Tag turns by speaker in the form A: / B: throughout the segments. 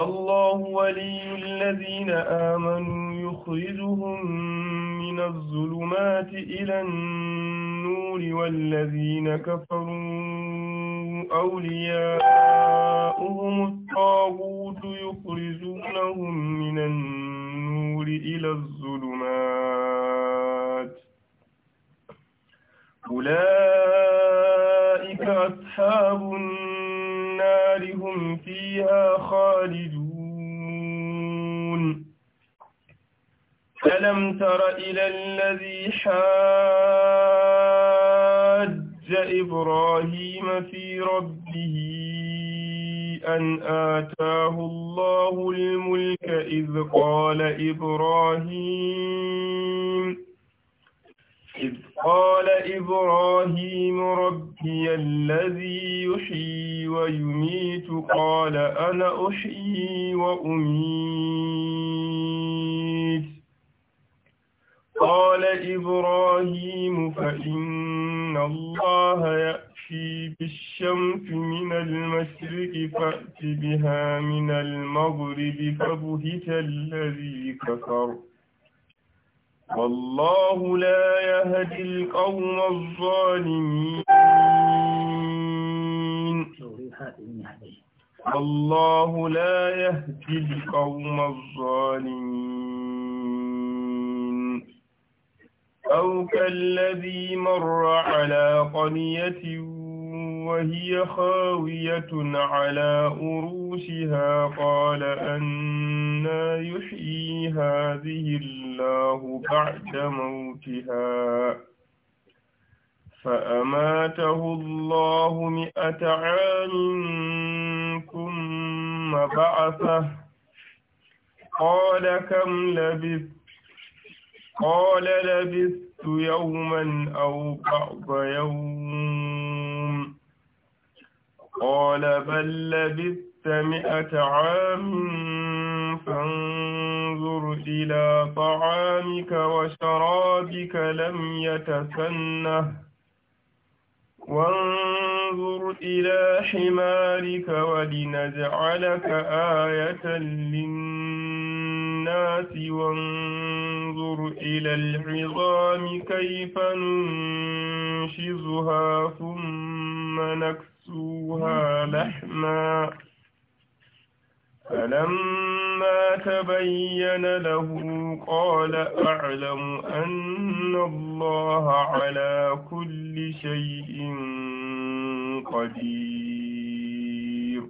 A: الله ولي الذين آمنوا يخرجهم من الظلمات إلى النور والذين كفروا أولياؤهم الطاغوت يخرجونهم من النور إلى الظلمات أولئك أصحاب النور النار هم فيها خالدون ألم تر إلى الذي حاج إبراهيم في ربه أن آتاه الله الملك إذ قال إبراهيم إذ قال إبراهيم ربي الذي يحيي ويميت قال أنا أحيي وأميت قال إبراهيم فإن الله يأتي بالشمس من المشرق فأت بها من المغرب فبهت الذي كفر والله لا يهدي القوم الظالمين والله لا يهدي القوم الظالمين أو كالذي مر على قرية وهي خاوية على أروسها قال أنا يحيي هذه الله الله بعد موتها فأماته الله مئة عام ثم بعثه قال كم لبثت قال لبثت يوما أو بعض يوم قال بل لبثت مئة عام فانظر إلى طعامك وشرابك لم يتسنه وانظر إلى حمارك ولنجعلك آية للناس وانظر إلى العظام كيف ننشزها ثم نكسوها لحماً فلما تبين له قال أعلم أن الله على كل شيء قدير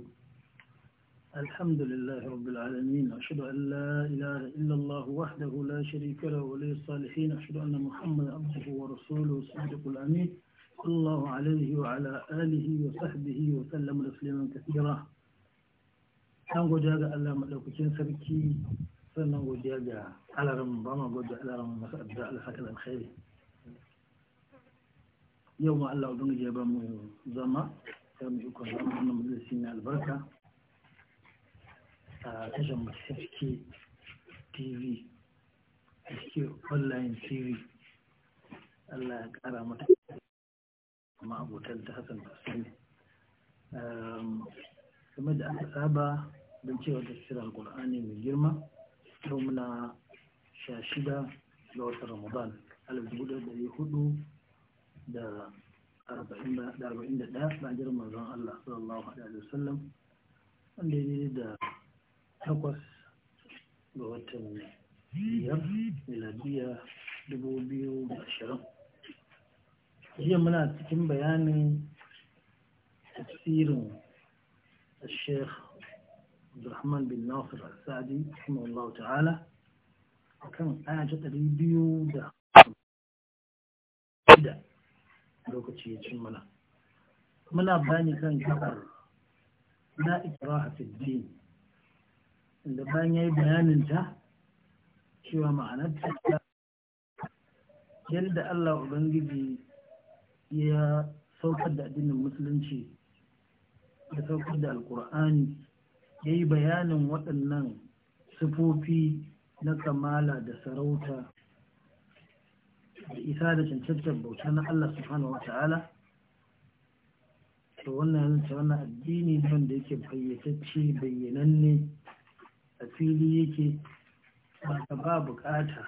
B: الحمد لله رب العالمين أشهد أن لا إله إلا الله وحده لا شريك له ولي الصالحين أشهد أن محمد عبده ورسوله الصادق الأمين صلى الله عليه وعلى آله وصحبه وسلم تسليما كثيرا dan godiya ga Allah madaukakin sarki sannan godiya ga alaran ba ma godiya alaran masu addu'a alhakal alkhairi yau ma Allah ubangiji ya ba mu zama ya mu ikon zama wannan majalisi na albarka a tashar masarki tv a cikin online tv Allah ya kara mata kuma abotan ta hasan tasiri game ehm, da aka saba don cewa tafsirar qurani mai girma yau muna sha shida ga watan ramadan alif dubu da dari hudu da arba'in da ɗaya bajar manzon allah sallallahu alaihi wasallam wanda ya daidai da takwas ga watan biyar miladiya dubu biyu da ashirin jiya muna cikin bayanin tafsirin الشيخ Abdulrahman bin Nasir al ta'ala akan aya biyu da shida muna bani kan kafar na ikraha a din da bayan yayi bayanin ta cewa ma'anar ta yadda Allah Ubangiji ya saukar da addinin musulunci da saukar da alkur'ani ya yi bayanin waɗannan sufofi na kamala da sarauta da isa da cancantar bauta na Allah subhanahu wa ta'ala to wannan yanzu wannan addini ne wanda yake fayyatacce bayyananne a fili yake ba ba bukata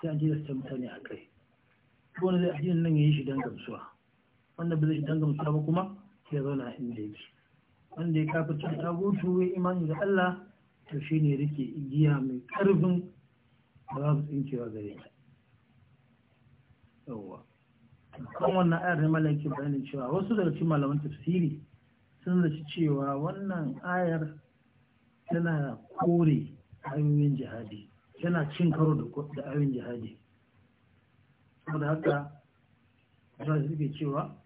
B: sai a da mutane a kai wani zai addinin nan ya yi shi dangamsuwa wanda ba zai shi dangamsuwa ba kuma ya zauna inda yake wanda ya kafirce tagutu ya imani da Allah yaushe ne rike igiya mai karfin da babu tsinkewa gare ta yawwa kan wannan ayar ne malaki bayanin cewa wasu daga cikin malaman tafsiri sun zaci cewa wannan ayar tana kore ayoyin jihadi tana cin karo da ayoyin jihadi saboda haka za su cewa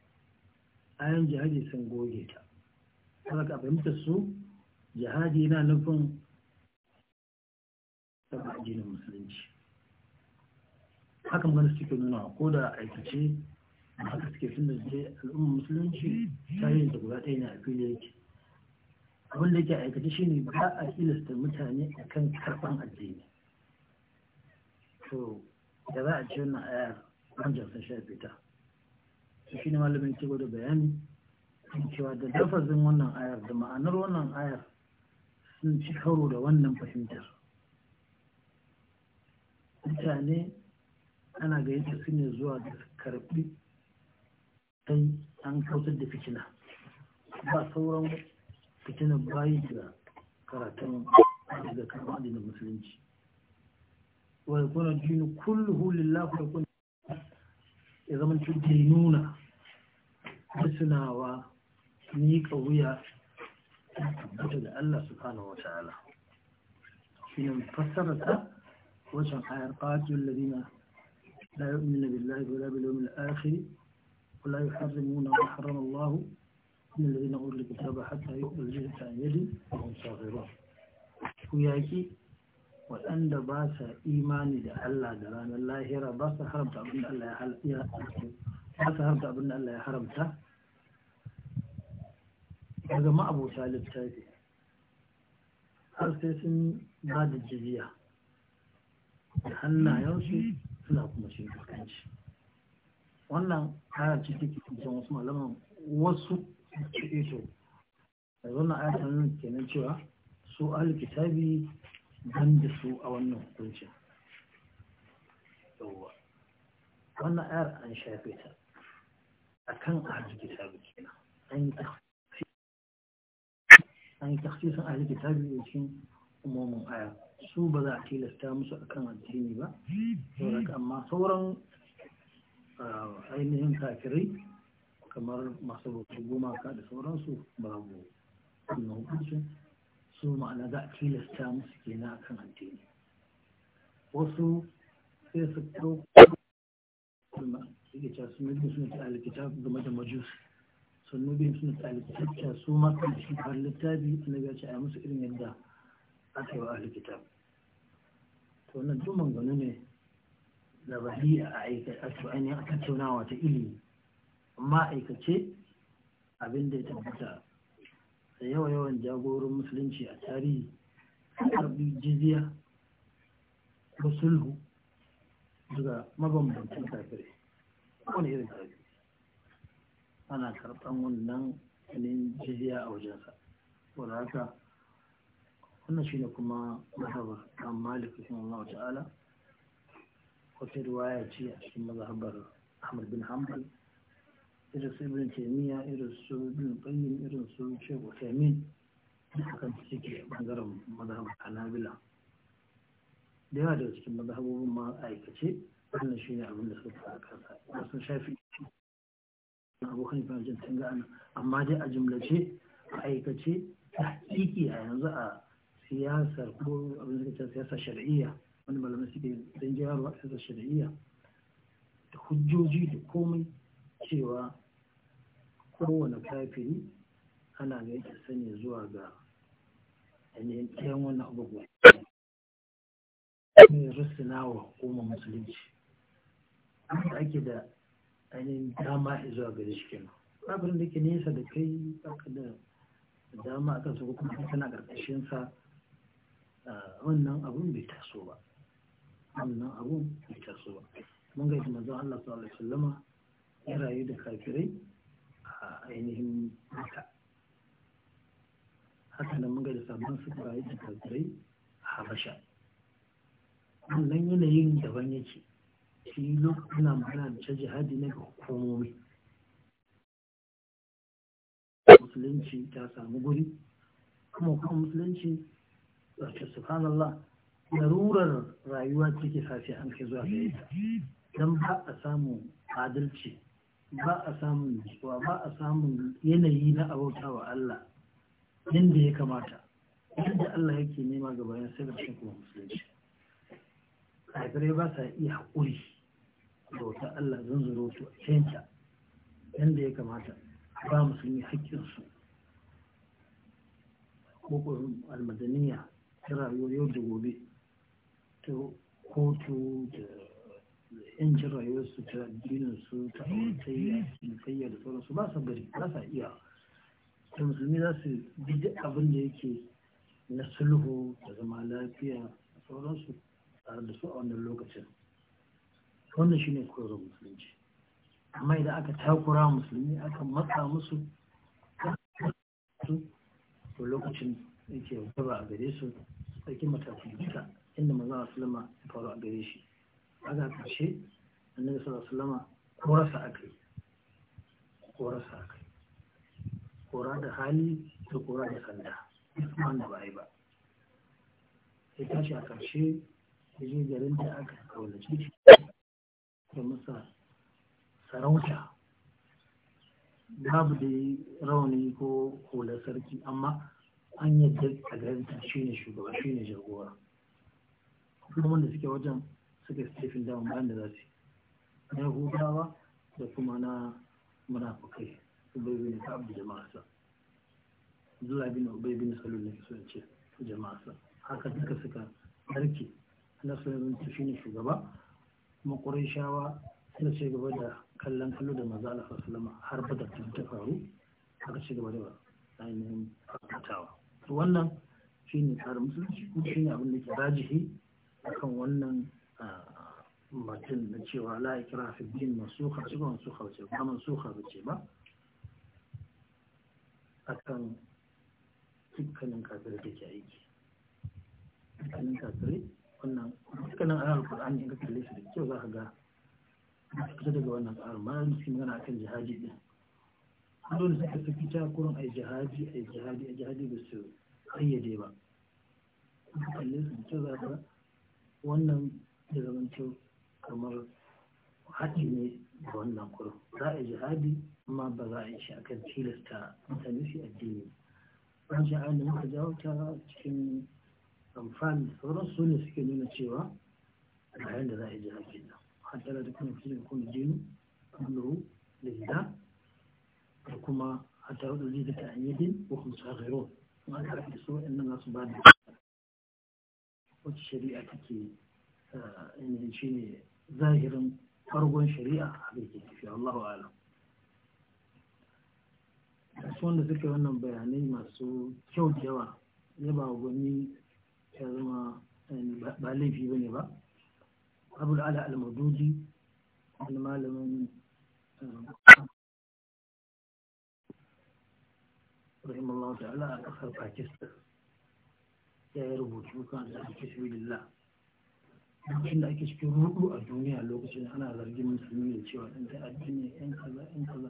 B: ayoyin jihadi sun goge ta ka fahimtar su jihadi yana nufin saba addinin musulunci haka magana suke nuna ko da aikace haka suke sun da je al'ummar musulunci yi da guda ɗaya ne a fili yake abin da yake aikace shine ba a ilista mutane a kan karɓan addini to da za a ce wannan ayar an sun shafe ta shi ne malamin ke gwada bayani sun cewa da lafazin wannan ayar da ma'anar wannan ayar sun ci karo da wannan fahimtar mutane ana gayyata su ne zuwa da karfi sai an kautar da fitina ba sauran fitinar bayi da karatun daga kama da musulunci wani kuna jini kullu lillahi da kuna ya zama nuna masunawa miƙa wuya tabbata da Allah subhanahu wa ta'ala shi ne fassararsa wajen ayar ƙatun ladina la yu'minu billahi wa la bil yawmil akhir wa la yuharrimuna ma harrama Allah min alladhina utul kitaba hatta yu'tul jizyata an yadi wa hum saghirun ku yaki waɗanda ba sa imani da Allah da ranar lahira ba sa haramta abin da Allah ya haramta daga ma'abota littafi har sai sun ba da jiziya da hannayensu suna kuma shi kanci wannan ayar ce take kusan wasu malaman wasu ce to da wannan a yasan nuna kenan cewa su alkitabi ban da su a wannan hukuncin yawwa wannan ayar an shafe ta a kan akan alkitabi kenan an yi an yi a yake kitabi a cikin umarmin aya su ba za a tilasta musu a kan addini ba amma sauran ainihin kafirai kamar masu rubutu gumaka da sauransu babu na hukunci su ma'ana za a tilasta musu kenan kan addini wasu sai su ɗauka suke cewa su mai suna ta alikita game da majusi sannu bin suna tsalikitacca su maka da shi har littafi na ya ce a musu irin yadda aka yi wa ahli kitab to wannan duk gano ne da yi a aikace ainihin a tattaunawa ta ilimi amma aikace abin da ya tabbata da yawa yawan jagorin musulunci a tarihi karbi jizya ko sulhu daga mabambantan kafirai kowane irin kafirai ana karɓan wannan ainihin jizya a wajensa saboda haka wannan shi ne kuma mazhabar kan malik rahimahullahu ta'ala wata riwaya ce a cikin mazhabar ahmad bin hanbal irin su ibn taimiyya irin su ibn qayyim irin su shaykh uthaymeen a kan suke bangaren mazhabar hanabila da yawa daga cikin mazhabobin ma aikace wannan shi ne abin da suka fara kansa wasu shafi abu hanifa wajen tunga amma dai a jimlace a aikace ta hakiki a yanzu a siyasar ko abin da ke siyasar shari'iyya wani malamai suke don gyararwa siyasar shari'iyya da hujjoji da komai cewa kowane kafiri ana ga yake sani zuwa ga ainihin ɗayan wannan abubuwa ne rusuna wa hukumar musulunci da ake da ainihin dama zuwa gare shi kenan abin da ke nesa da kai baka da dama a kansu kuma tana karkashin sa wannan abun bai taso ba wannan abun bai taso ba mun ga ita mazan Allah sallallahu alaihi wasallama ya rayu da kafirai a ainihin haka haka nan mun ga da sabon su rayu da kafirai a Habasha wannan yanayin daban yake filin ana magana da ta jihadi na hukumomi musulunci ta samu guri kuma kuma musulunci wato subhanallah larurar rayuwa take sace an kai zuwa gare don ba a samun adalci ba a samun nutsuwa ba a samun yanayi na abauta wa Allah yadda ya kamata yadda Allah yake nema ga bayan sai da kuma musulunci kafirai ba sa iya haƙuri da wata Allah zan zuro su a canta yadda ya kamata ba musulmi haƙƙinsu kokorin almadaniya ta rayuwar yau da gobe ta kotu da yancin rayuwarsu ta su ta auratayya da sauransu ba sa gari ba sa iya ta musulmi za su bi abin da yake na sulhu da zama lafiya da sauransu tare da su a wannan lokacin wannan shi ne koyarwar musulunci amma idan aka takura musulmi aka matsa musu to lokacin yake gaba a gare su ɗauki matakin duka inda maza a sulama ya faru a gare shi a ga ƙarshe a sallallahu alaihi sulama korasa a kai korasa a kai kora da hali da kora da sanda ba ba ya tashi a ƙarshe ya je da aka kaunace shi masa sarauta babu da rauni ko hular sarki amma an yadda a garinta shi ne shugaba shi ne jagora kuma wanda suke wajen suka stefin dama bayan da za su na yahudawa da kuma na munafukai ubai bin ka'ab da jama'arsa zuwa bin ubai bin salul ne su ce jama'arsa haka duka suka sarki. ana so yanzu shugaba kuma ƙurayshawa suna ci gaba da kallon kallo da maza ala fasalama har ba da ta faru aka ci gaba da ainihin fatawa to wannan shi ne tsarin musulunci kuma shi ne abin da ke rajihi akan wannan mutum na cewa la ikra fi din mansuha ce ba mansuha ce ba mansuha ce ba a kan dukkanin kafirai da ke aiki dukkanin kafirai wannan dukkanin ayar alkur'ani in ka kalle su da kyau za ka ga su fita daga wannan tsarin ma yanzu sun gana akan jihadi din dole suka saki ta kurin a jihadi a jihadi a jihadi ba su ayyade ba in ka kalle su da kyau za ka ga wannan da zamanto kamar haɗi ne da wannan kurin za a yi jihadi amma ba za a yi shi akan tilasta mutane su addini. Wani sha'ani muka jawo ta cikin amfani da sauran su ne suke nuna cewa ga da za a yi haƙƙi kenan hatta da kuma fi kuma jini da gida da kuma hatta da zai da din ko kuma sagiro kuma an karfi su wa'annan nan su ba da wacce shari'a take yanayin eh, shi ne zahirin farkon shari'a a da ke tafiya Allahu alam wanda suka wannan bayanai masu kyau da yawa yaba wani ya zama eh, ba laifi ba ne ba abul ala al-maduji wani malamin eh, rahimallahu ta'ala a kasar pakistan ya yi rubutu kan da ake sabilillah lokacin da ake cikin rudu a duniya lokacin ana zargin musulmi da cewa ɗan ta addini ɗan kaza ɗan kaza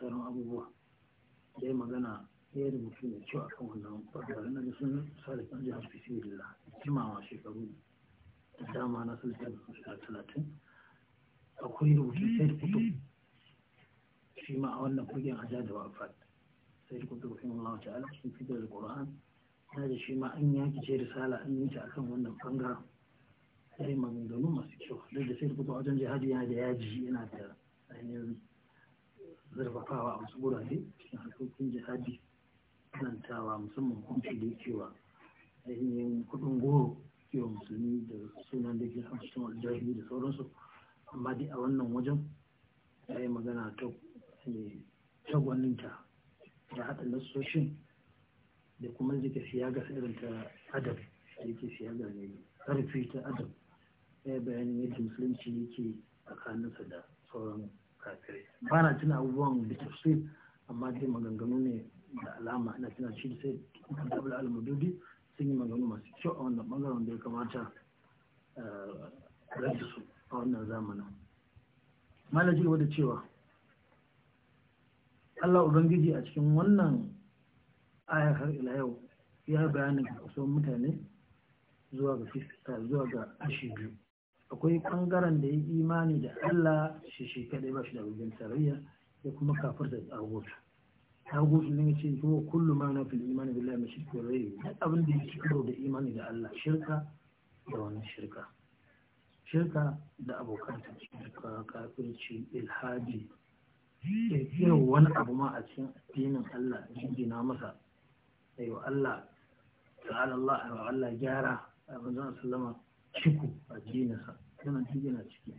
B: sauran abubuwa da magana sai ya rubutu mai kyau akan wannan ɓangaren na sun sa da kan jihar fisirila jimawa shekaru da dama na sun a talatin akwai rubutu sai kutu shi ma a wannan fagen hajja da wafat sai kutu rufin Allah ta'ala sun fitar da Qur'an na da shi ma an yaki ce sala an yi ta akan wannan bangaren sai maganganu masu kyau duk da sai kutu wajen jihadi yana da yaji yana da ainihin zarfafawa a wasu gurare cikin harkokin jihadi karantawa musamman kuma da cewa ainihin kudin goro kewa musulmi da sunan da ke hamsin aljahili da sauransu amma dai a wannan wajen ya yi magana ta eh, tagwaninta da haɗa nasoshin da kuma da ke irin ta adab da ke siyaga ga ƙarfi ta adab ya yi bayanin yadda musulunci yake tsakaninsa da sauran kafirai ba na tuna abubuwan da tafsir amma dai maganganu ne da alama na suna shi sai dabul almududi sun yi maganganu masu kyau a wannan bangaren da ya kamata eh, rage su a wannan zamanin malaji gaba da cewa Allah Ubangiji a cikin wannan ayar har ila yau ya bayanin kaso mutane zuwa ga fista zuwa ga ashi biyu akwai ɓangaren da ya imani da Allah shi shi ba shi da wajen tarayya ya kuma kafar da tsagotu ta gudu ne ce huwa kullu ma na fil imani billahi min shirki wal ghayri duk abin da yake kiro da imani da Allah shirka da wani shirka shirka da abokan ta shirka kafirci ilhaji
A: irin
B: wani abu ma a cikin addinin Allah jinjina masa ayo Allah ta'ala Allah ayo Allah gyara a manzon sallama ciku addininsa yana gina ciki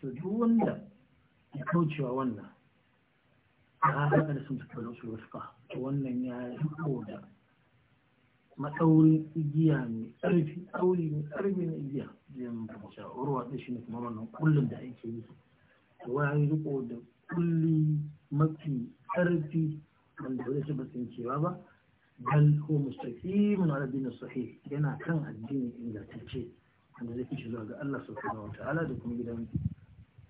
B: to duk wanda ya kaucewa wannan haka da sun tafi da su wannan ya riko da matsaurin igiya mai ƙarfi tsauri mai ƙarfi na igiya jin bambamsa urwa ɗin shi ne kuma wannan kullum da ake yi wa wani riko da kulli mafi ƙarfi wanda wani zai ba tsinkewa ba bal ko mustaqimun ala dinin sahih yana kan addini ingantacce wanda zai fi zuwa ga Allah subhanahu wa ta'ala da kuma gidan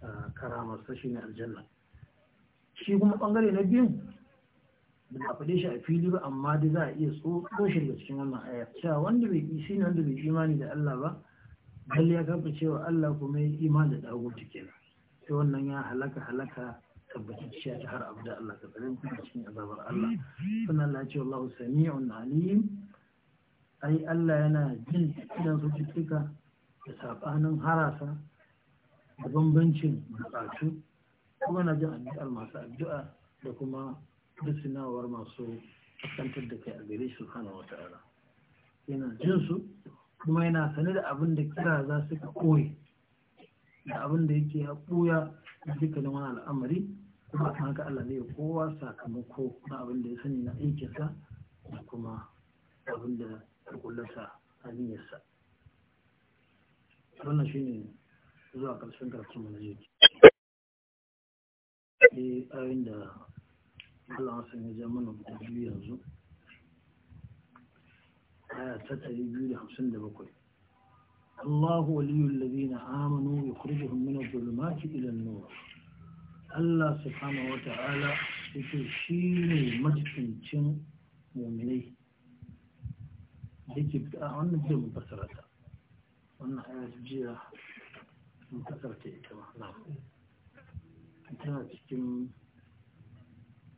B: ah, karamar sashi ne aljanna shi kuma bangare na biyu da a faɗe shi a fili ba amma da za a iya tsotso shi daga cikin wannan aya cewa wanda bai isi ne wanda bai imani da Allah ba dalli ya kafa cewa Allah kuma ya imani da dagutu kenan sai wannan ya halaka halaka cewa ta har abu da Allah ka tsarin kuma cikin azabar Allah sannan Allah ce wallahu sami'un alim ai Allah yana jin idan su da sabanin harasa da bambancin bukatu kuma na jin addu'ar masu addu'a da kuma dusinawar masu kasantar da kai a gare shi hana wata ara yana jin su kuma yana sane da abin da kira za su ka koyi da abin da yake ya ɓuya da dukkanin wani al'amari kuma a haka Allah zai kowa sakamako na abin da ya sani na aikinsa da kuma abin da ya kullasa a niyyarsa wannan ne zuwa ƙarshen karshen mu na sai ayin da Allah wasan ya ja mana guda biyu yanzu aya ta bakwai. Allahu waliyul ladina amanu yukhrijuhum min adh-dhulumati ila an-nur Allah subhanahu wa ta'ala ne shine majibincin mu'minai yake a wannan jiya mun fassara wannan aya jiya mun fassara ta ita ma na'am tana cikin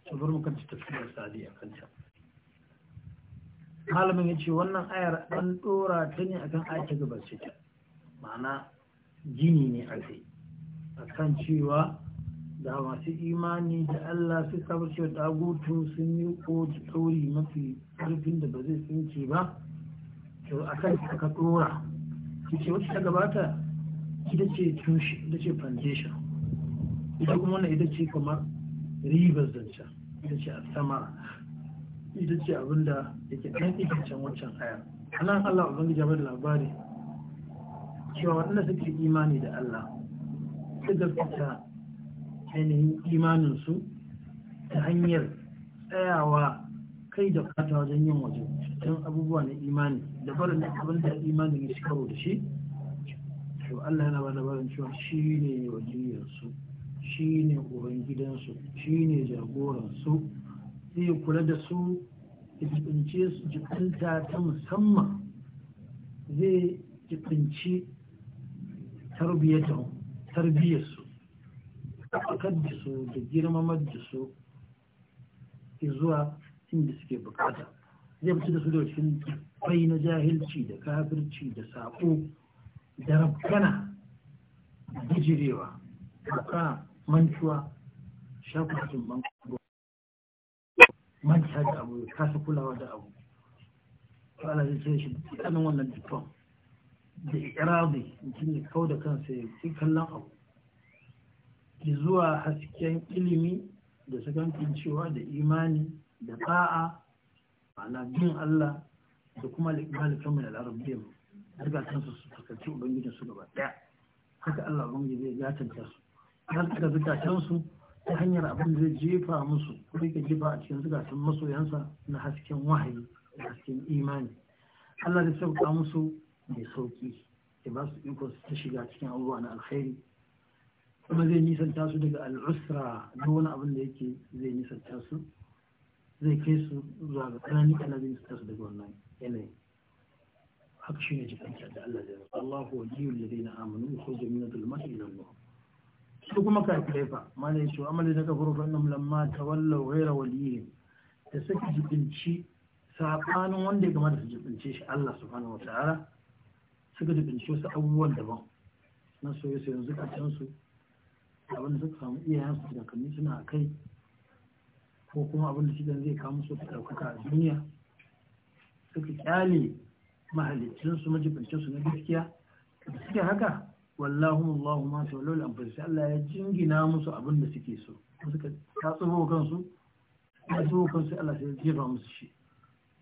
B: tsabar makanta sadi a kanta malamin ya ce wannan ayar an dora ta ne akan aiki gaba ta ma'ana gini ne a a akan cewa da masu imani da Allah su ce da agutun sun yi koji tauri mafi karfin da ba zai tsince ba to a akan ka dora ce wata ta gabata ita ce tushe ita ce foundation ita kuma wannan ita ce kamar ribar zancen ita ce a sama ita ce abinda yake ɗan itacen wancan aya anan Allah ubangiji ya bada labari cewa waɗanda suke imani da Allah su gaskata ainihin imaninsu ta hanyar tsayawa kai da fata wajen yin waje don abubuwa na imani da barin abin da imani ya shi karo da shi to Allah yana ba da barin cewa shi ne su shi ne gidansu shi ne jagoransu zai kula da su jibince su ta musamman zai jibinci tarbiyyarsu ɗaukar da su da girmamar da su zuwa inda suke bukata zai fita da su da cikin fai na jahilci da kafirci da saƙo da rabkana da jirewa mantuwa shakwacin bankuwa manta da abu kasa kulawa da abu to ala zai cire shi wannan dukkan da irabi mutum ya kau da kansa ya fi kallon abu ki zuwa hasken ilimi da sakamakon cewa da imani da fa'a. ana bin Allah da kuma malikan mai al'arabiyya daga kansu su fuskanci ubangijin su gaba ɗaya. haka Allah ubangiji zai gatanta su halka zukatansu ta hanyar abin zai jefa musu kuma ka jefa a cikin zukatan masoyansa na hasken wahayi da hasken imani Allah da sauka musu mai sauki ya ba su iko ta shiga cikin abubuwa na alkhairi kuma zai nisanta su daga al'usra da wani abin da yake zai nisanta su zai kai su zuwa ga tsanani ana zai nisanta su daga wannan yanayi haka shi ne jikin da Allah zai rasu Allah huwa jiyun ladina amanu ya khuruju min adh-dhulumati su kuma kafirai fa malai shi da daga furfa nan lamma tawalla ghaira waliyyi da suka jibinci sabanin wanda ya kamata su jibince shi Allah subhanahu wataala suka jibinci wasu abubuwan daban na soye a can su abin da suka samu iyayen su da kanni suna kai ko kuma abin da shidan zai kawo musu ɗaukaka a duniya suka kyale mahaliccin su majibincin su na gaskiya da suke haka wallahu Allahu ma tawallul anfus Allah ya jingina musu abin da suke so suka taso kansu taso kansu Allah sai ya jefa musu shi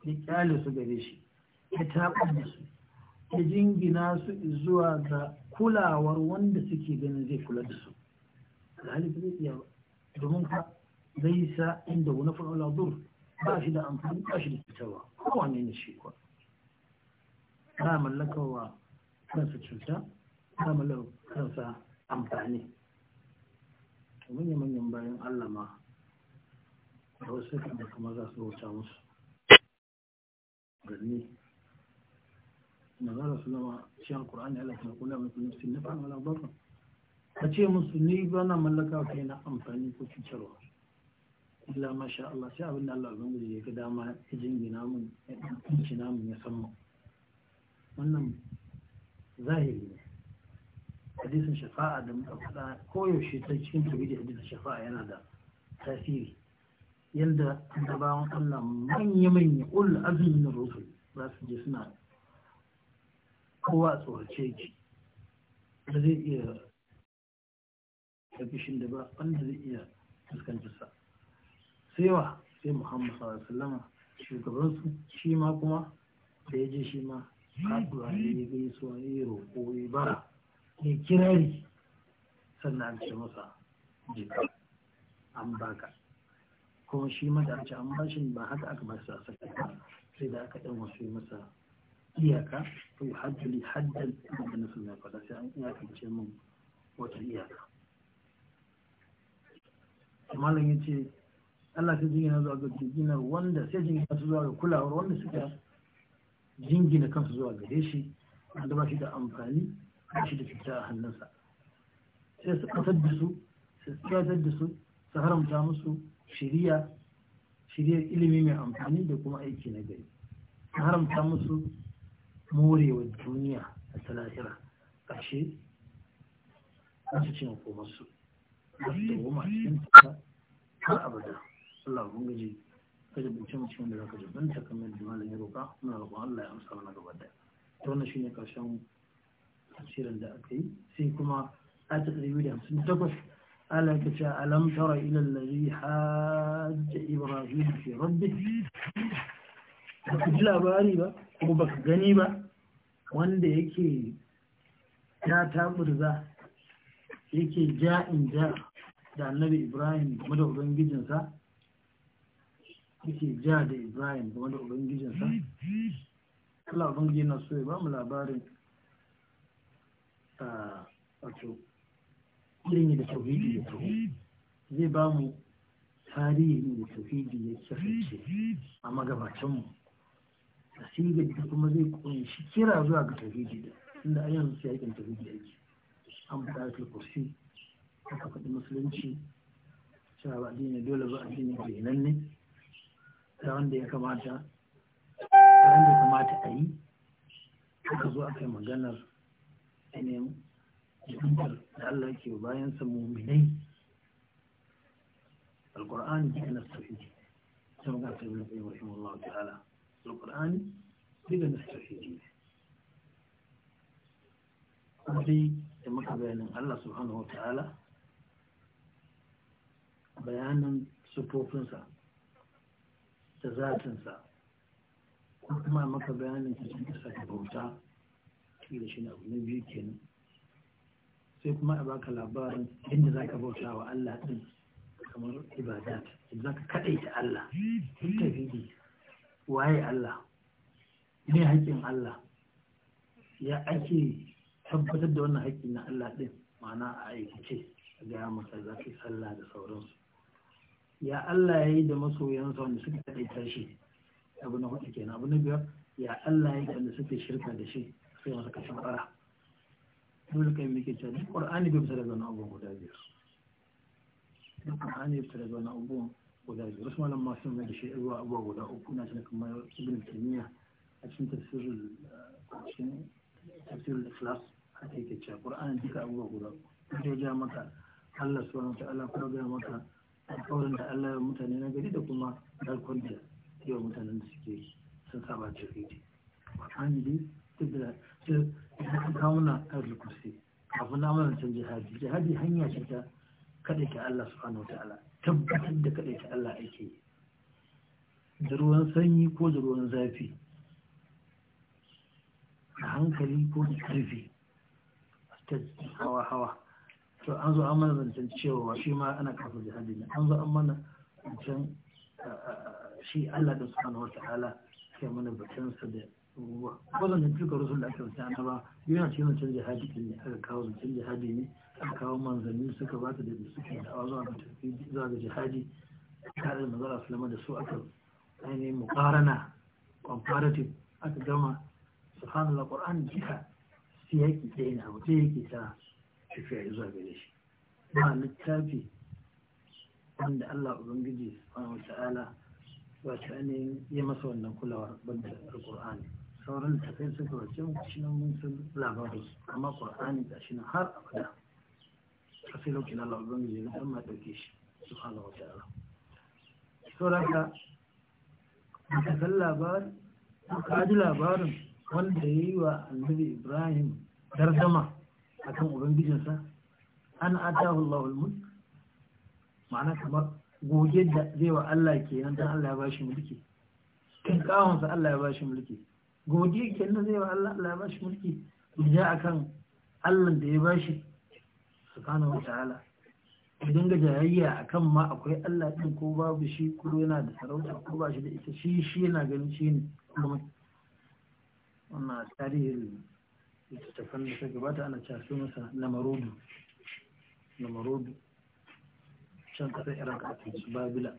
B: ya kyale su gare shi ya taɓa musu. ya jingina su zuwa ga kulawar wanda suke ganin zai kula da su alhali zai iya domin ka zai sa inda wani fa'ula dur ba shi da amfani ba shi da cutarwa kowane ne shi kuwa ba mallakawa kansu cuta samun kansa amfani manya-manyan bayan Allah ma da wasu da kuma za su wuce musu gani na zara su zama ciyar ƙura'ani Allah ta kula mai kuma su nufa mana barba a ce musu ni ba na mallaka kai na amfani ko cutarwa illa masha Allah sai abin da Allah zan ya ga dama ya jingina mun ya ɗan kincina mun ya san mu wannan zahiri ne hadisin shafa'a da muka faɗa koyaushe ta cikin tauhidi hadisin shafa'a yana da tasiri yadda annabawan Allah manya-manya ul azumin rusul za su je suna kowa tsorace ki da zai iya tafishin da ba wanda zai iya fuskantarsa sai wa sai muhammad sallallahu shugabansu shi ma kuma da ya je shi ma kaduwa ne ya gaisu ya roƙo ya bara ya kirari sannan an ce masa jika an baka kuma shi madarci an bashin ba haka aka ba su a sai da aka ɗan wasu masa iyaka to haddali haddan da na sun faɗa sai an ce min wata iyaka malam ya ce Allah sai jingina zuwa ga jingina wanda sai jingina su zuwa ga kulawar wanda suka jingina kansu zuwa gare shi wanda ba shi da amfani kashi da cuta a hannunsa sai su kasar da su su tsayatar da su su haramta musu shiriya shiriyar ilimi mai amfani da kuma aiki na gari su haramta musu morewa duniya a talahira ƙashe su cin komarsu da su tawo masu har abada Allah gaji kada bincin mutum da zaka jibanta kamar da malam roƙa muna roƙon Allah ya amsa mana gaba da ta wannan karshen tafsirin da aka yi sai kuma a ta ɗari sun hamsin takwas ala ka ce alam tara ila lari hajji ibrahim fi rabbi ba ka ji labari ba ko ba ka gani ba wanda yake ya taburza yake ja'in ja da annabi ibrahim game da ubangijinsa yake ja da ibrahim game da ubangijinsa Allah ubangiji na so ya ba mu labarin wato ilimi da tauhidi ya taho zai ba mu tarihi da tauhidi ya kasance a magabatan mu. da kuma zai kunshi kira zuwa ga tauhidi da inda a yanzu sai aikin tauhidi yake an faɗa ayatul kursi aka faɗi musulunci cewa ba addini dole ba addini nan ne Ta wanda ya kamata ta wanda ya kamata a yi aka zo aka yi maganar ainihin jihar da Allah ke bayan sa muminai alkur'ani da na tauhidi sun ga sai mun tsaye rahimahullahu ta'ala alkur'ani da na tauhidi kuma dai da muka bayanin Allah subhanahu wa ta'ala bayanin sufofinsa da zatinsa kuma maka bayanin cikin kasa da bauta watsi da shi na abu na biyu kenan sai kuma a baka labarin inda za ka bauta wa Allah ɗin kamar ibada inda za ka ta Allah ta fiye waye Allah ne haƙƙin Allah ya ake tabbatar da wannan haƙƙi na Allah ɗin ma'ana a aikace a gaya masa za ka yi sallah da sauransu ya Allah ya yi da masoyansa wanda suka kaɗaita shi abu na hudu kenan abu na biyar ya Allah ya yi da suka shirka da shi sai masa kashin fara dole kai muke cewa duk qur'ani bai fita daga abubuwan guda biyar duk bai fita daga wannan abubuwan guda biyar wasu malam mai da shi abubuwa guda uku na cikin kamar ibn taymiya a cikin tafsirul ikhlas haka yake cewa duka abubuwa guda uku ya maka Allah kuma ga maka alƙawarin da Allah ya mutane na gari da kuma alƙawarin da yawa mutanen da suke sun saba da duk da cikin an kawo na arzul kursi na mana can jihadi jihadi hanya ce ta kaɗai ta Allah subhanahu ta'ala tabbatar da kaɗai ta Allah ake yi da ruwan sanyi ko da ruwan zafi a hankali ko da ƙarfi ta hawa hawa to an zo an mana zancen cewa shi ma ana kafa jihadi ne an zo an mana zancen shi Allah da subhanahu ta'ala ke mana batansa da ruwa wannan nan duka rasul da aka wuce annaba yana ce zancen jihadi ne aka kawo zancen jihadi ne aka kawo manzanni suka ba ta da suke da awa zuwa ga zuwa ga jihadi kare manzara sulama da su aka ainihin mukarana comparative aka gama subhanallah qur'an duka siyaki ɗaya ne abu ta yake ta tafiya zuwa gare shi ba littafi wanda Allah Ubangiji subhanahu wa ta'ala wato ainihin ya masa wannan kulawar banda qurani sauran da kai suka wace mu shi nan mun san labarai amma qur'ani da shi har abada a sai lokacin Allah zai yi na amma ke shi subhanahu wa ta'ala sauraka da ka san labarin ka ji labarin wanda yayi wa annabi Ibrahim dardama akan ubangijinsa an atahu Allahul mulk ma'ana kamar goge da zai wa Allah kenan dan Allah ya bashi mulki kan kawunsa Allah ya bashi mulki godiya kenan zai wa Allah Allah ya bashi mulki ja akan Allah da ya bashi wa ta'ala idan ga jayayya akan ma akwai Allah din ko babu shi ko yana da sarauta ko ba shi da ita shi shi yana ganin shi ne kuma wannan tarihin littattafan da ta gabata ana casu masa na marodu na marodu can kasar iran a babila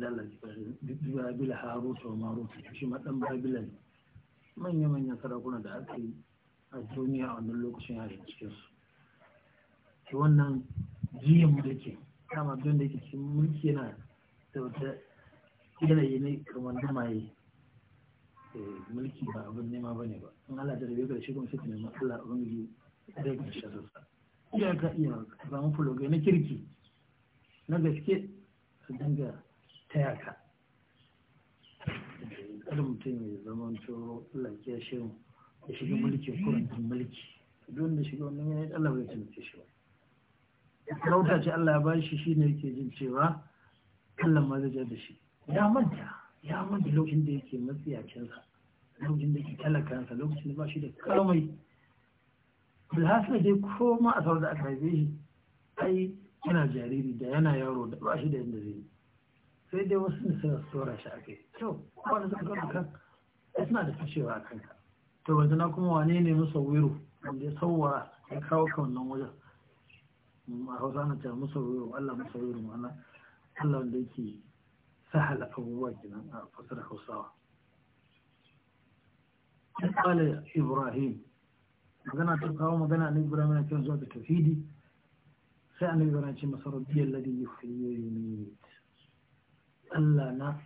B: babila haruta wa maruta shi ma dan babila ne manya-manyan sarakuna da aka yi a duniya a wannan lokacin yare cikin su shi wannan jiyan mulki dama don da ke cikin mulki yana da wata yanayi ne kamar da maye eh, mulki ba abin nema ba ne ba in Allah da rabe ga shi kuma sai ta nema Allah abin da ya rage shi sassa iyaka iyaka samu fulogai na kirki na gaske su dinga taya ka kada mutum ya zama to Allah ya shi ya shiga mulki kurantin mulki don da shiga wannan yayin Allah bai tunce shi ba sarauta ce Allah ya ba shi ne yake jin cewa Allah ma zai da shi ya manta ya manta lokacin da yake matsiyacinsa lokacin da yake talakansa lokacin da ba shi da kamai bilhassan dai koma a sauran da aka haife shi ai yana jariri da yana yaro da ba shi da yadda zai yi sai dai wasu da suna tsoron shi a kai to wanda suka tsora kan suna da fashewa a kanka to wanzu na kuma wane ne musa wiro wanda ya sauwa ya kawo ka wannan wajen a hausa na cewa musa wiro allah musa wiro ma'ana allah wanda yake sahala abubuwa kenan a fasar hausawa ya kala ibrahim magana ta kawo magana na ibrahim yana kyan zuwa da tafidi sai annabi ibrahim ce masa ladin yi yuhyi wa ne. Allah na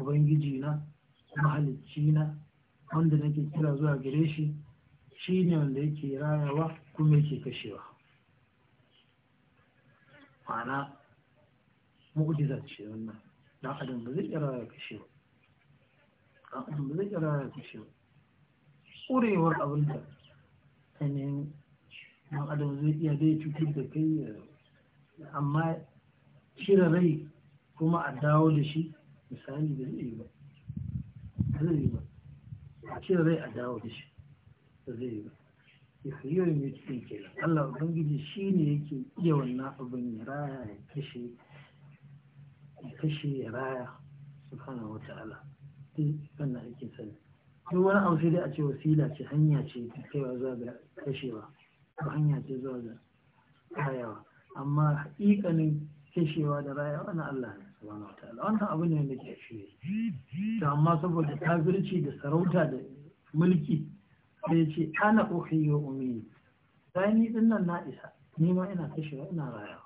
B: Ubangiji na mahalicci na wanda nake kira zuwa gare shi shi ne wanda yake rayawa kuma yake kashewa ma'ana mu'jiza ce wannan dan adam ba zai kira ya kashe ba dan ba zai kira ya kashe ba ƙurewar abin da ainihin dan adam zai iya dai cutar da kai amma shirarai kuma a dawo da shi misali da zai yi ba zai yi ba a ce rai a dawo da shi da zai yi ba ya fiye mai cikin kenan Allah Ubangiji shi ne yake iya wannan abin ya raya ya kashe ya kashe ya raya wata ala ta'ala duk wannan aikin sani duk wani abu sai dai a ce wasila ce hanya ce ta kaiwa zuwa ga kashewa ko hanya ce zuwa ga kayawa amma haƙiƙanin kishewa da raya wani Allah ne subhanahu wa ta'ala wannan abu ne da ke ne to amma saboda kafirci da sarauta da mulki sai ya ce ana uhiyo umini sai ni din nan na isa ni ma ina kashewa ina raya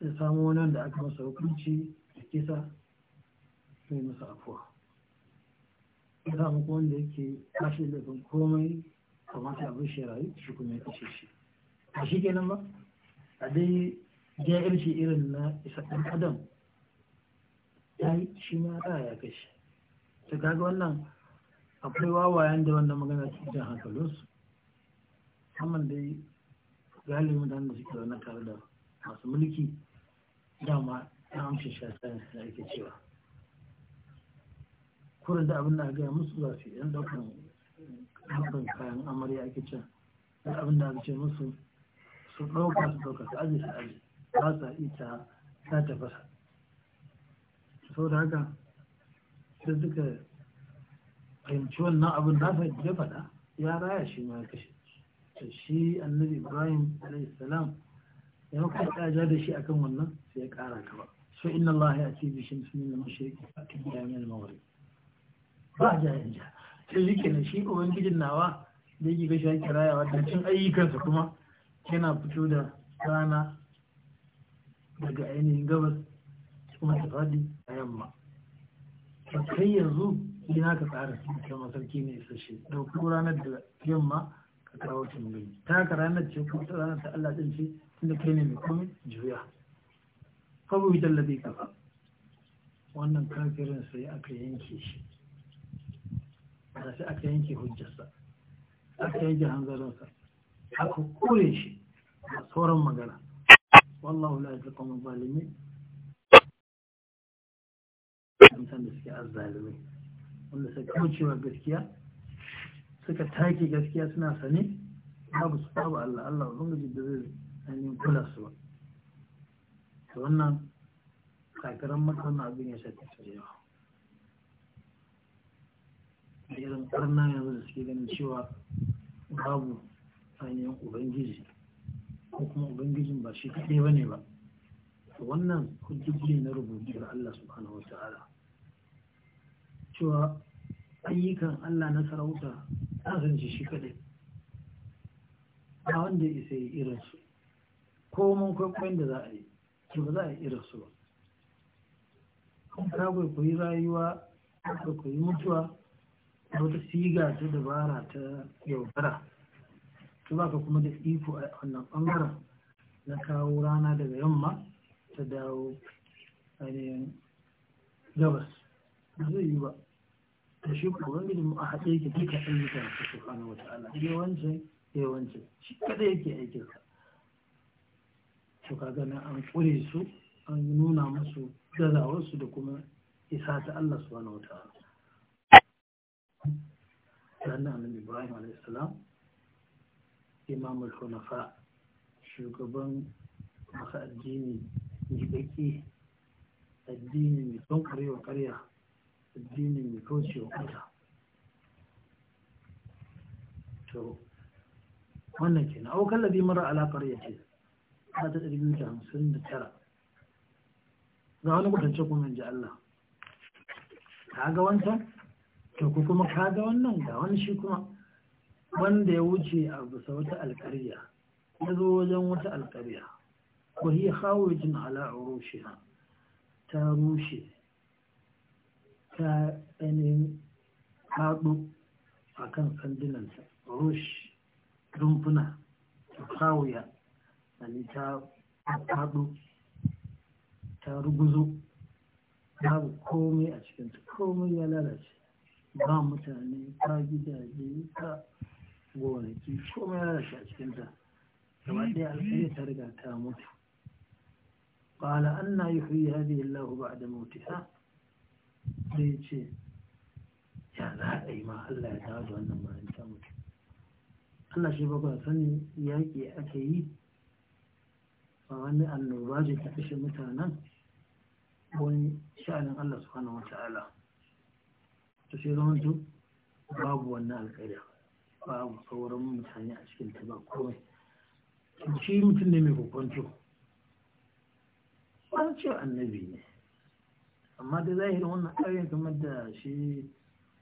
B: ya samu wani da aka masa hukunci da kisa sai masa afuwa ya samu wanda yake kashe laifin komai kamata abin shi rayu shi kuma ya kashe shi ba shi nan ba a dai jahilci irin na isa ɗan adam ya yi shi ma ɗaya ya kashe ta kaga wannan akwai wawayen da wannan magana cikin hankalinsu musamman dai galibin da da suke wani tare da masu mulki dama ta amshin shasar da ake cewa kurin da abin da a gaya musu za su yan daukan hakan kayan amarya ake can da abin da aka ce musu su ɗauka su ɗauka su aji su aji ba sa ita ta tafasa sau da haka sai suka fahimci wannan abin ta ya faɗa ya raya shi ma kashe shi annabi ibrahim salam ya maka kaja da shi akan wannan sai ya ƙara gaba so inna allah ya ce bishin sun yi mashirki a kan jami'ar mawari ba jayen jami'ar sai yake kenan shi ubangijin nawa da yake gashi yake rayawa da cin ayyukansa kuma yana fito da rana daga ainihin gabas kuma ta faɗi a yamma kai yanzu ina ka tsara su kama sarki ne isasshe ɗauki ranar da yamma ka kawo tambayi ta haka ranar ce ko ta ranar ta Allah ɗin ce kai ne mai komai juya fabu bi tallafi kafa wannan kafirin sai aka yanke shi da sai aka yanke hujjarsa aka yanke hanzarinsa aka kure shi a sauran magana wallahu la yaqta qawm zalimi mutan da suke azzalimi wanda suka kaucewa gaskiya suka take gaskiya suna sane babu su babu Allah Allah ubangiji da zai ainihin kula su ba wannan kakarar maka na abin ya shafi su yawa da irin karna yanzu da suke ganin cewa babu ainihin ubangiji ko kuma ubangijin ba shi kaɗai ba ne ba wannan hujjoji na rubutun Allah subhanahu wa ta'ala cewa ayyukan Allah na sarauta kasance shi kaɗai ba wanda isa yi irinsu ko mun kwaikwayon da za a yi to ba za a yi irinsu ba kun kagwai ku yi rayuwa ka ku yi mutuwa wata siga ta dabara ta yaukara su ba ka kuma da iko a wannan bangaren na kawo rana daga yamma ta dawo a ainihin gabas ba zai yi ba da shi ba wani mu a haɗe yake duka ayyukan su su fana wata ala yawancin yawancin shi kada yake aikin sa to kaga na an ƙure su an nuna musu gazawarsu da kuma isa ta Allah subhanahu wata ala ta hannun annabi ibrahim alaihissalam imamul hunafa shugaban masu addini jiƙaƙi addini mai son karewa karya addini mai kaucewa kuta to wannan ke na aukar labi mara alaƙar ya ce ta ta ɗari biyu da hamsin da tara ga wani kwatance kuma in ji Allah ta ga wancan to ku kuma ga wannan ga wani shi kuma wanda ya wuce a bisa wata alƙarya ya zo wajen wata alƙarya ko hiya khawarijin ala urushiha ta rushe ta ainihin haɗu a kan sandunanta rush rumfuna ta kawuya sani ta haɗu ta ruguzo babu komai a cikinta komai ya lalace ba mutane ta gidaje ta gonaki komai ya rashi a cikinta Kuma dai alƙarya ta riga ta mutu qala anna yuhyi hadhihi Allahu mutu ha sai ce ya za a yi ma Allah ya dawo da wannan bayan ta mutu Allah shi ba ba sani yaƙi ake yi ba wani annoba ta kashe mutanen wani sha'anin Allah subhanahu wa ta'ala ta sai zaman to babu wannan alƙarya babu sauran mutane a cikin ta ba komai shi mutum ne mai kokonto an ce annabi ne amma da zahirin wannan ayoyin kamar da shi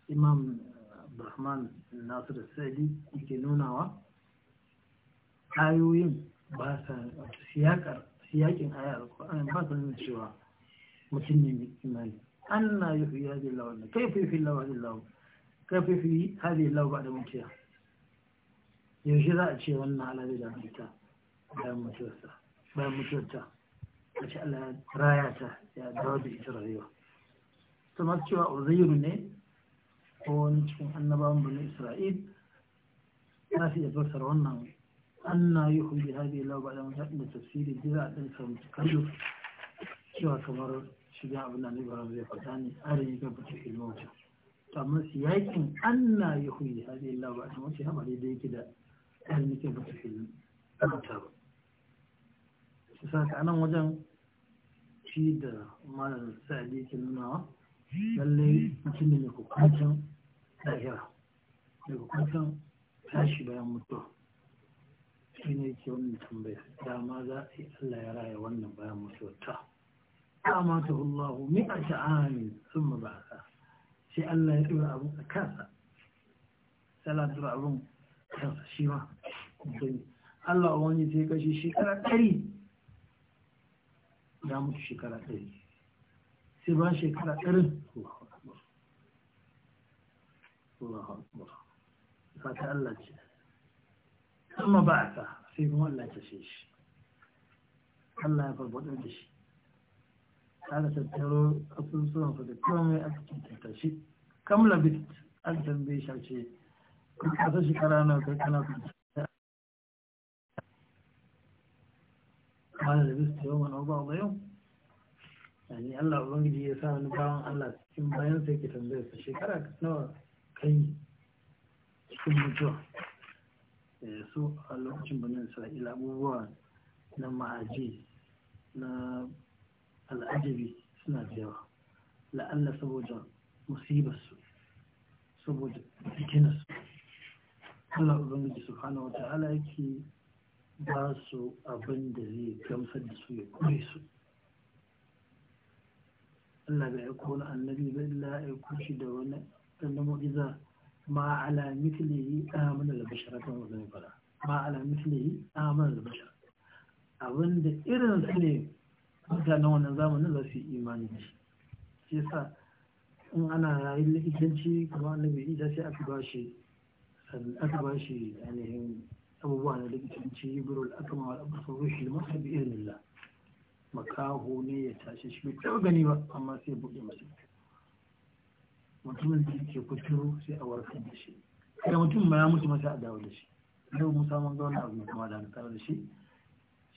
B: imam abdurrahman nasir sadi yake nunawa ayoyin ba sa siyakin ayar ba sa nuna cewa mutum ne mai imani أن يحيي هذه الله كيف يحيي الله هذه الله كيف يحيي هذه الله بعد موتها yaushe za ce wannan ala zai dame ta bayan mutuwarsa bayan mutuwarta Allah ya raya ya dawo da ita rayuwa to masu cewa ne ko wani cikin annabawan bani isra'il za su iya fassara wannan anna yi da tafsiri da za a cewa kamar shiga abin da Ibrahim zai fata ne ta ga bace ilmauta to amma siyakin a yahuyi hadi Allah ba ta wace haba da yake da arin ga bace ilmauta ba su sa ka nan wajen shi da malam sa'adi ke nunawa lallai mutumin ne hukuncin lahira da hukuncin tashi bayan mutuwa shi ne ke wannan tambaya dama za a yi Allah ya raya wannan bayan mutuwar ta amata Allahu mi'ata amin thumma ba'atha sai Allah ya dora abu a kansa sala dora abun kansa shi ma Allah wani sai kashi shekara ɗari ya mutu shekara ɗari sai ba shekara ɗarin Allahu Akbar fata Allah ce amma ba sai kuma Allah ta shi Allah ya farfaɗar da shi aka tattaro asusuwan su da komai aka tattata shi kam labit an tambaye shi ce kasa shekara na kai kana kuma kwana da bisa yau mana ba ba yau yani Allah ubangiji ya sa wani bawan Allah cikin bayan sai ke tambaye su shekara nawa kai cikin mutuwa eh, su a lokacin banin isra'ila abubuwa na ma'aji na al'ajabi suna da yawa la'alla saboda musibarsu saboda jikinarsu Allah Ubangiji hana wata ta'ala yake ba su abin da zai gamsar da su ya kure su Allah bai aiko wani annabi bai la aiko shi da wani ɗan mu'iza ma ala mitlihi amana da bashara kan wani fara ma ala mitlihi amana da bashara abinda irin su ne mutanen wannan zamanin za su yi imani da shi shi yasa in ana rayun likitanci kuma annabi isa sai aka ba shi aka ba shi ainihin abubuwa na likitanci burul akama wal absar ruhi masa bi iznillah makaho ne ya tashi shi bai taɓa gani ba amma sai buɗe masa mutumin da yake kuturu sai a warkar da shi kada mutum ma ya mutu masa a dawo da shi yau musa ga wani abu kuma da da shi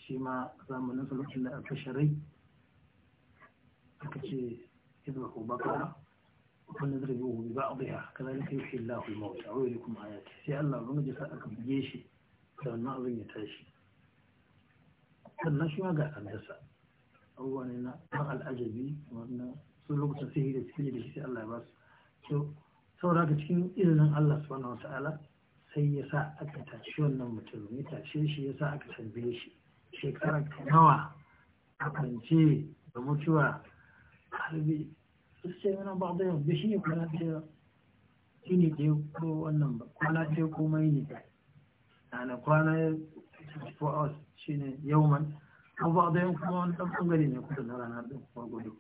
B: shi ma zamanin lokacin da aka sharai aka ce idan ku bakara wanda zai biyu bi ba a biya kaza da kai Allah al mauta wa yurikum ayati sai Allah ruwan jisa aka buge shi da wannan abin ya tashi sannan shi ma ga kandarsa abubuwa ne na ɗan al'ajabi wannan sun lokacin sai da sihiri da shi sai Allah ya ba su saboda haka cikin izinin Allah subhanahu wa ta'ala sai ya sa aka tashi wannan mutum ya tashe shi ya sa aka tambaye shi shekarar nawa a kanci da mutuwa harbi sai wani ba da yau da shi ne kwana ce shi ne ke ko wannan ba kwana ce ko mai ne ta na kwana a wasu shi ne yau man an ba da yau kuma wani ɗan ɓangare ne kusa na ranar ɗin kuma gudu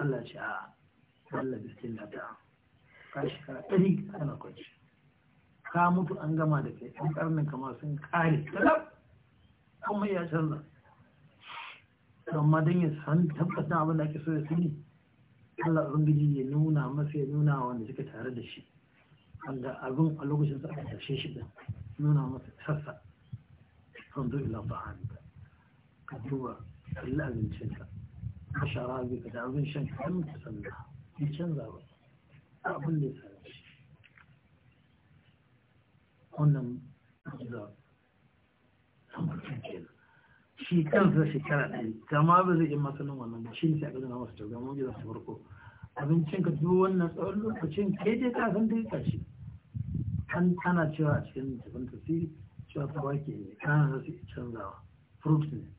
B: Allah shi a Allah bisin na ta ka shekara ɗari ana kwanci ka mutu an gama da kai ɗan karnin kama sun kare kalab komai ya canza amma don ya san tabbata abin da ake so ya sani Allah ubangiji ya nuna masa ya nuna wanda suka tare da shi wanda abin a lokacin sa aka tashe shi din nuna masa sassa alhamdulillah ba hanka ka duba illa abincin ka ka shara bi ka da abin shan ka kan ka sanda ya canza ba abin da ya sani wannan mu'jiza shi kansa shekara ɗari kama ba zai yi masanin wannan ba shi ne sai a gazana masu tauga mun gida su farko abincin ka duk wannan tsawon lokacin kai dai ka san dai kashi an ana cewa a cikin tafin tasiri cewa ta wake ne kana za su canzawa fruit ne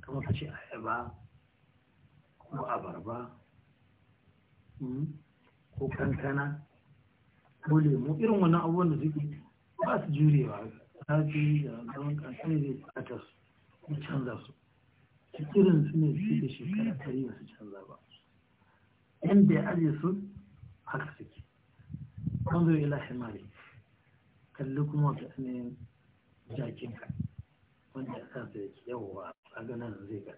B: kama ka ce ayaba ko abarba hmm, ko kankana ko lemu irin wannan abubuwan da suke ba su jurewa safi da gaban ƙarshe zai su na canza su irin su ne su da shekara tari ba su canza ba yadda ya ajiye su haka suke an zo ila himari kalli kuma wata jakin ka wanda ya kansa yake yawowa a ganin zai ga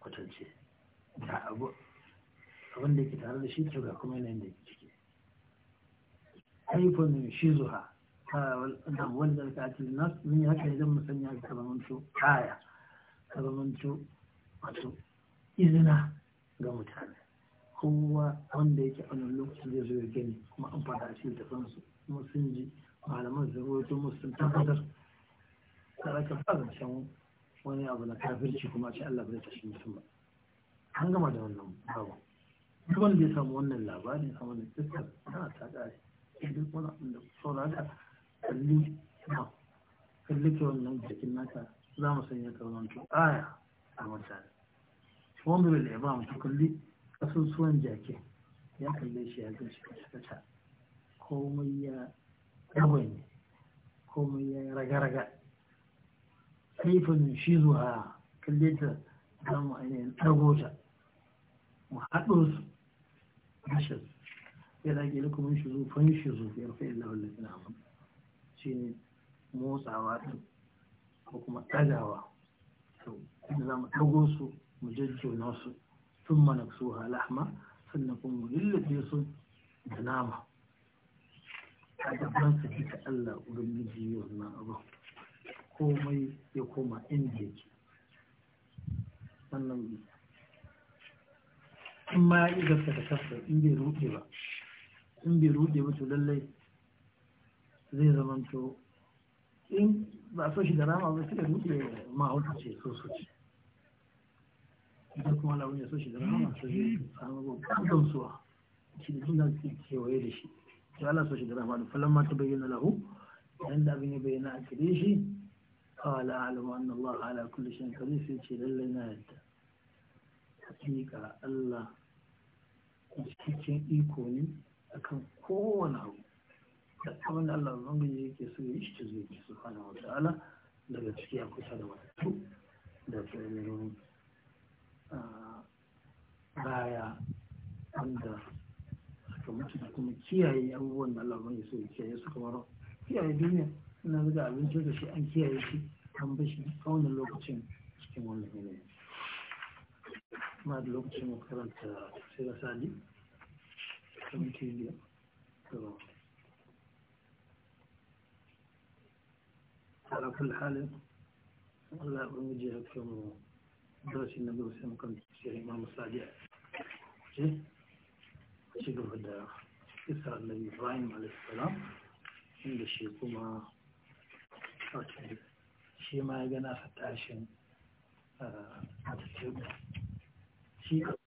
B: kwatance da abu abin da ke tare da shi kyau ga kuma yanayin da ke ciki haifon shi zuha wanda ka ce nas ne haka idan musanya ka zamanto kaya ka zamanto wato izina ga mutane kowa wanda yake a nan lokacin zai zo ya gani kuma an fada a cikin tafansu kuma sun ji malaman to musu sun tabbatar kada ka fara zancen wani abu na kafirci kuma ce Allah bai tashi mutum ba an gama da wannan babu duk wanda ya samu wannan labarin a wani tattar na ta kare duk wani abin da kalli na kalli ke wannan jikin nata za mu sanya ka to aya a mutane wanda bai da ba mutu kalli kasusuwan jake ya kalle shi ya gan shi kashi komai ya yawai ne komai ya raga-raga kaifin shi zuwa kalle ta za mu ainihin ɗago ta mu haɗo su mashin ya dage lukumin shi zufan shi zuwa ya rufe illahun lafiya amma shi motsawa ɗin ko kuma ɗagawa to inda za mu ɗago su mu jajjona su sun mana su lahma sannan kuma mu lillafe su da nama a gaban su duka Allah Ubangiji wannan abu komai ya koma inda yake wannan in ma ya izarta da kasa in bai ruɗe ba in bai ruɗe ba to lallai zai zamanto in ba so shi da rama ba sai ya rufe mahauta ce so so ce idan kuma labun ya so shi da rama so ya samu babban gamsuwa shi da tun da ke kewaye da shi sai ala so shi da rama da falamma ta bayyana lahu idan da abin ya bayyana a kire shi qala a'lamu anna Allah ala kulli shay'in qadir sai ce lallai na yadda hakika Allah cikin iko ne akan kowane abu abin da Allah zan gaji yake so ya shi zai ke su hana wata ala daga ciki a kusa da wata da tsananin baya wanda suka mutu da kuma kiyaye abubuwan da Allah zan so ya kiyaye suka kamar kiyaye duniya ina zuga abinci da shi an kiyaye shi an bashi a wannan lokacin cikin wannan yanayi kuma da lokacin karanta sai da sadi kamar kiyaye على كل حال الله يوجهك يوم درس النبي صلى الله عليه وسلم كان تفسير الإمام الصادق شكرا هذا قصة النبي إبراهيم عليه السلام عند الشيء كما شيء ما يجنا فتاشن أتسيب
A: شيء